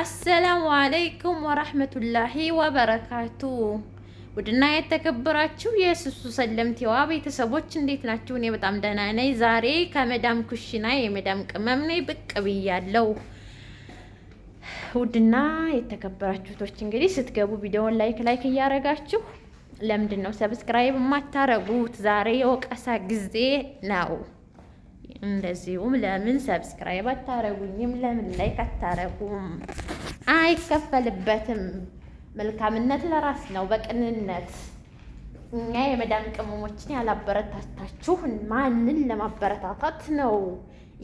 አሰላሙ አለይኩም ወረህመቱላሂ ወበረካቱ። ውድና የተከበራችሁ የስሱ ሰለምቲዋ ቤተሰቦች እንዴት ናችሁ? እኔ በጣም ደህና ነኝ። ዛሬ ከመዳም ኩሽና የመዳም ቅመም ነኝ ብቅ ብያለሁ። ውድና የተከበራችሁ ቶች እንግዲህ ስትገቡ ቪዲዮውን ላይክ ላይክ እያረጋችሁ? ለምንድን ነው ሰብስክራይብ የማታረጉት? ዛሬ የወቀሳ ጊዜ ነው። እንደዚሁም ለምን ሰብስክራይብ አታረጉኝም? ለምን ላይክ አታረጉም? አይከፈልበትም። መልካምነት ለራስ ነው። በቅንነት እኛ የመዳም ቅመሞችን ያላበረታታችሁ ማንን ለማበረታታት ነው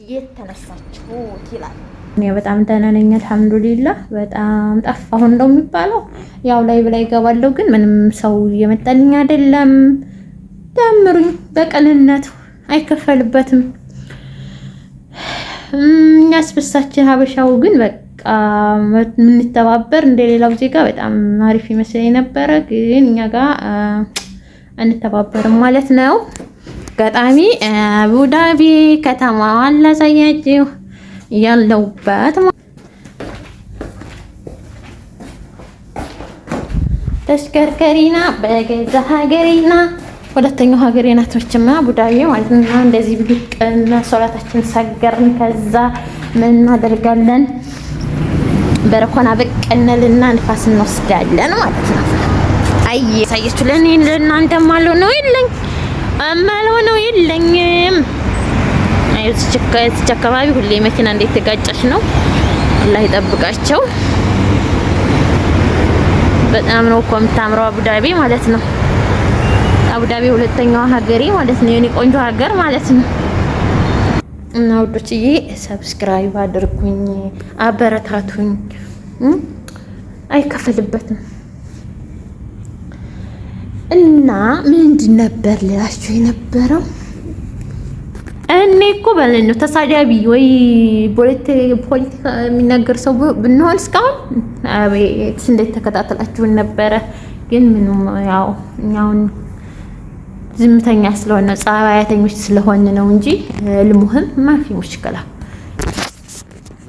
እየተነሳችሁ ይላል። እኔ በጣም ደህና ነኝ፣ አልሐምዱሊላ። በጣም ጠፋሁ እንደው የሚባለው ያው ላይ ብላይ ይገባለሁ፣ ግን ምንም ሰው እየመጣልኝ አይደለም። ተምሩኝ፣ በቅንነት አይከፈልበትም። ያስበሳችን ሀበሻው ግን በቃ የምንተባበር እንደሌላው ዜጋ በጣም አሪፍ ይመስለኝ ነበረ። ግን እኛ ጋር አንተባበርም ማለት ነው። አጋጣሚ አቡዳቢ ከተማዋን ላሳያችሁ ያለውበት ተሽከርከሪና በገዛ ሀገሪና ሁለተኛው ሀገር የናቶችማ ቡዳዊ ማለት ነው። እንደዚህ ብቅና ሶላታችን ሰገርን። ከዛ ምን እናደርጋለን? በረኮና ብቅንልና ንፋስ እንወስዳለን ማለት ነው። አይ ሳየችሁ ለኔ ለእናንተ ማለ ነው የለኝ አማለው ነው የለኝም። አይ እዚህ አካባቢ ሁሌ መኪና እንዴት ተጋጨሽ ነው። አላህ ይጠብቃቸው። በጣም ነው እኮ የምታምረው አቡዳቢ ማለት ነው። አቡዳቢ ሁለተኛዋ ሀገሬ ማለት ነው፣ የኔ ቆንጆ ሀገር ማለት ነው። እና ውዶችዬ ሰብስክራይብ አድርጉኝ፣ አበረታቱኝ። አይከፈልበትም። እና ምንድን ነበር ልላችሁ የነበረው? እኔ እኮ በለን ነው ተሳዳቢ ወይ ፖለቲካ የሚናገር ሰው ብንሆን እስካሁን አቤት እንዴት ተከታተላችሁን ነበረ። ግን ምንም ያው እኛውን ዝምተኛ ስለሆነ ጸባያተኞች ስለሆን ነው እንጂ ልሙህም ማፊ ሙሽከላ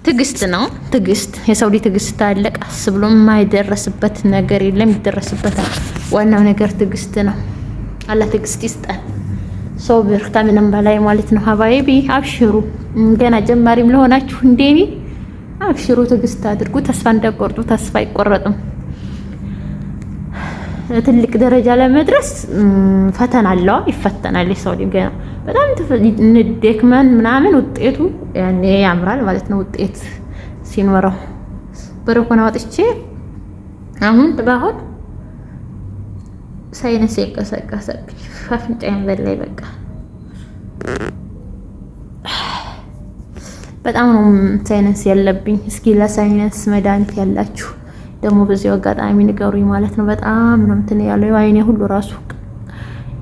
ትግስት ነው። ትግስት የሰው ልጅ ትግስት አለ። ቀስ ብሎ የማይደረስበት ነገር የለም፣ ይደረስበታል። ዋናው ነገር ትግስት ነው። አላህ ትግስት ይስጣል። ሶብር ብርታ በላይ ማለት ነው። ሀባይቢ አብሽሩ፣ ገና ጀማሪም ለሆናችሁ እንደኔ አብሽሩ፣ ትግስት አድርጉ። ተስፋ እንዳይቆርጡ፣ ተስፋ አይቆረጥም። ትልቅ ደረጃ ለመድረስ ፈተና አለዋ። ይፈተናል የሰው ገና በጣም እንደክመን ምናምን ውጤቱ ያኔ ያምራል ማለት ነው። ውጤት ሲኖረው በረኮና ወጥቼ አሁን ጥባሁን ሳይነስ የቀሰቀሰብኝ አፍንጫዬን በላይ በቃ በጣም ነው ሳይነስ ያለብኝ። እስኪ ለሳይነስ መድኃኒት ያላችሁ ደግሞ በዚያው አጋጣሚ ንገሩኝ ማለት ነው። በጣም ነው እንትን ያለው አይኔ ሁሉ ራሱ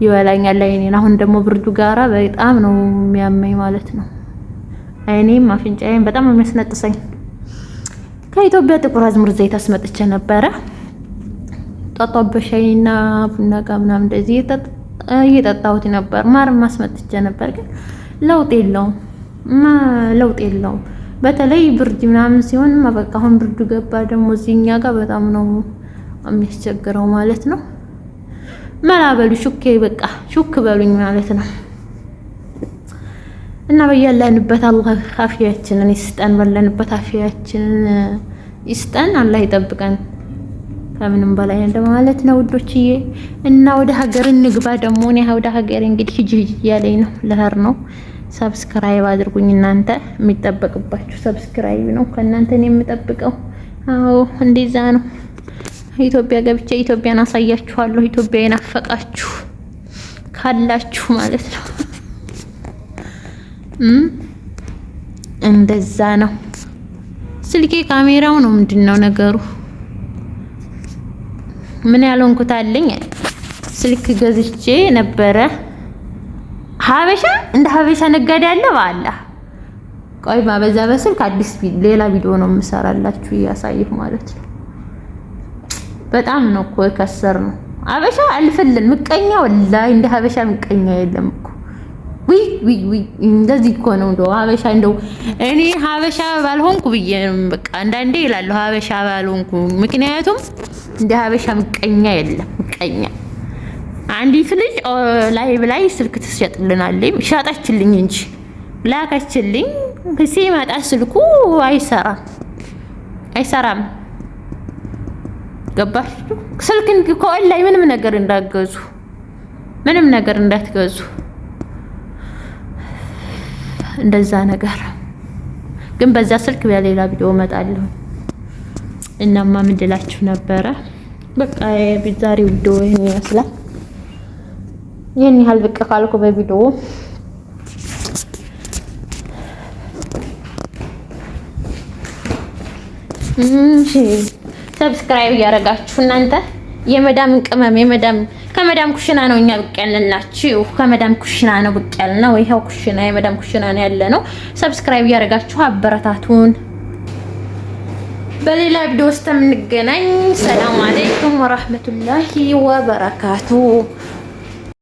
ይበላኛል አይኔን። አሁን ደግሞ ብርዱ ጋራ በጣም ነው የሚያመኝ ማለት ነው። አይኔም አፍንጫዬም በጣም ነው የሚያስነጥሰኝ። ከኢትዮጵያ ጥቁር አዝሙድ ዘይት አስመጥቼ ነበረ ጧጧበሻይና ቡና ጋር ምናምን እንደዚህ እየጠጣሁት ነበር። ማርም አስመጥቼ ነበር፣ ግን ለውጥ የለውም። ለውጥ የለውም። በተለይ ብርድ ምናምን ሲሆን በቃ አሁን ብርዱ ገባ ደግሞ እዚህኛ ጋር በጣም ነው የሚያስቸግረው ማለት ነው። መላ በሉ በቃ ሹክ በሉኝ ማለት ነው። እና በያለንበት አላህ አፍያችንን ይስጠን፣ በለንበት አፍያችንን ይስጠን፣ አላህ ይጠብቀን ከምንም በላይ ማለት ነው ውዶችዬ። እና ወደ ሀገር እንግባ ደግሞ እኔ ወደ ሀገር እንግዲህ ሂጂ ሂጂ እያለኝ ነው ልሄድ ነው። ሰብስክራይብ አድርጉኝ። እናንተ የሚጠበቅባችሁ ሰብስክራይብ ነው። ከእናንተ ነው የምጠብቀው። አዎ እንደዛ ነው። ኢትዮጵያ ገብቼ ኢትዮጵያን አሳያችኋለሁ። ኢትዮጵያ የናፈቃችሁ ካላችሁ ማለት ነው። እንደዛ ነው። ስልኬ ካሜራው ነው ምንድን ነው ነገሩ? ምን ያለውን አለኝ። ስልክ ገዝቼ ነበረ ሀበሻ እንደ ሀበሻ ነጋዴ አለ ባላ ቆይ ማበዛ በስል አዲስ ሌላ ቪዲዮ ነው የምሰራላችሁ እያሳየሁ ማለት ነው። በጣም ነው እኮ የከሰር ነው ሀበሻ አልፈልን ምቀኛ ወላሂ እንደ ሀበሻ ምቀኛ የለም እኮ ውይ ውይ ውይ እንደዚህ እኮ ነው እንደው ሀበሻ እንደው እኔ ሀበሻ ባልሆንኩ ብዬ በቃ አንዳንዴ ይላለሁ ሀበሻ ባልሆንኩ ምክንያቱም እንደ ሀበሻ ምቀኛ የለም ምቀኛ አንዲት ልጅ ላይ ላይ ስልክ ትሸጥልናለች። ሻጣችልኝ እንጂ ላከችልኝ ሲመጣ ስልኩ አይሰራም አይሰራም። ገባሽ? ስልክ ላይ ምንም ነገር እንዳገዙ? ምንም ነገር እንዳትገዙ። እንደዛ ነገር ግን በዛ ስልክ በሌላ ቪዲዮ እመጣለሁ። እናማ ምንድላችሁ ነበረ በቃ ዛሬ ቪዲዮ ይሄን ይመስላል። ይህን ያህል ብቅ ካልኩ በቪዲዮ ሰብስክራይብ እያደረጋችሁ እናንተ የመዳም ቅመም የመዳም ከመዳም ኩሽና ነው እኛ ብቅ ያለንላችሁ። ከመዳም ኩሽና ነው ብቅ ያለ ነው። ይኸው ኩሽና የመዳም ኩሽና ነው ያለ ነው። ሰብስክራይብ እያደረጋችሁ አበረታቱን። በሌላ ቪዲዮ ውስጥ የምንገናኝ። ሰላም አለይኩም ወራህመቱላሂ ወበረካቱ።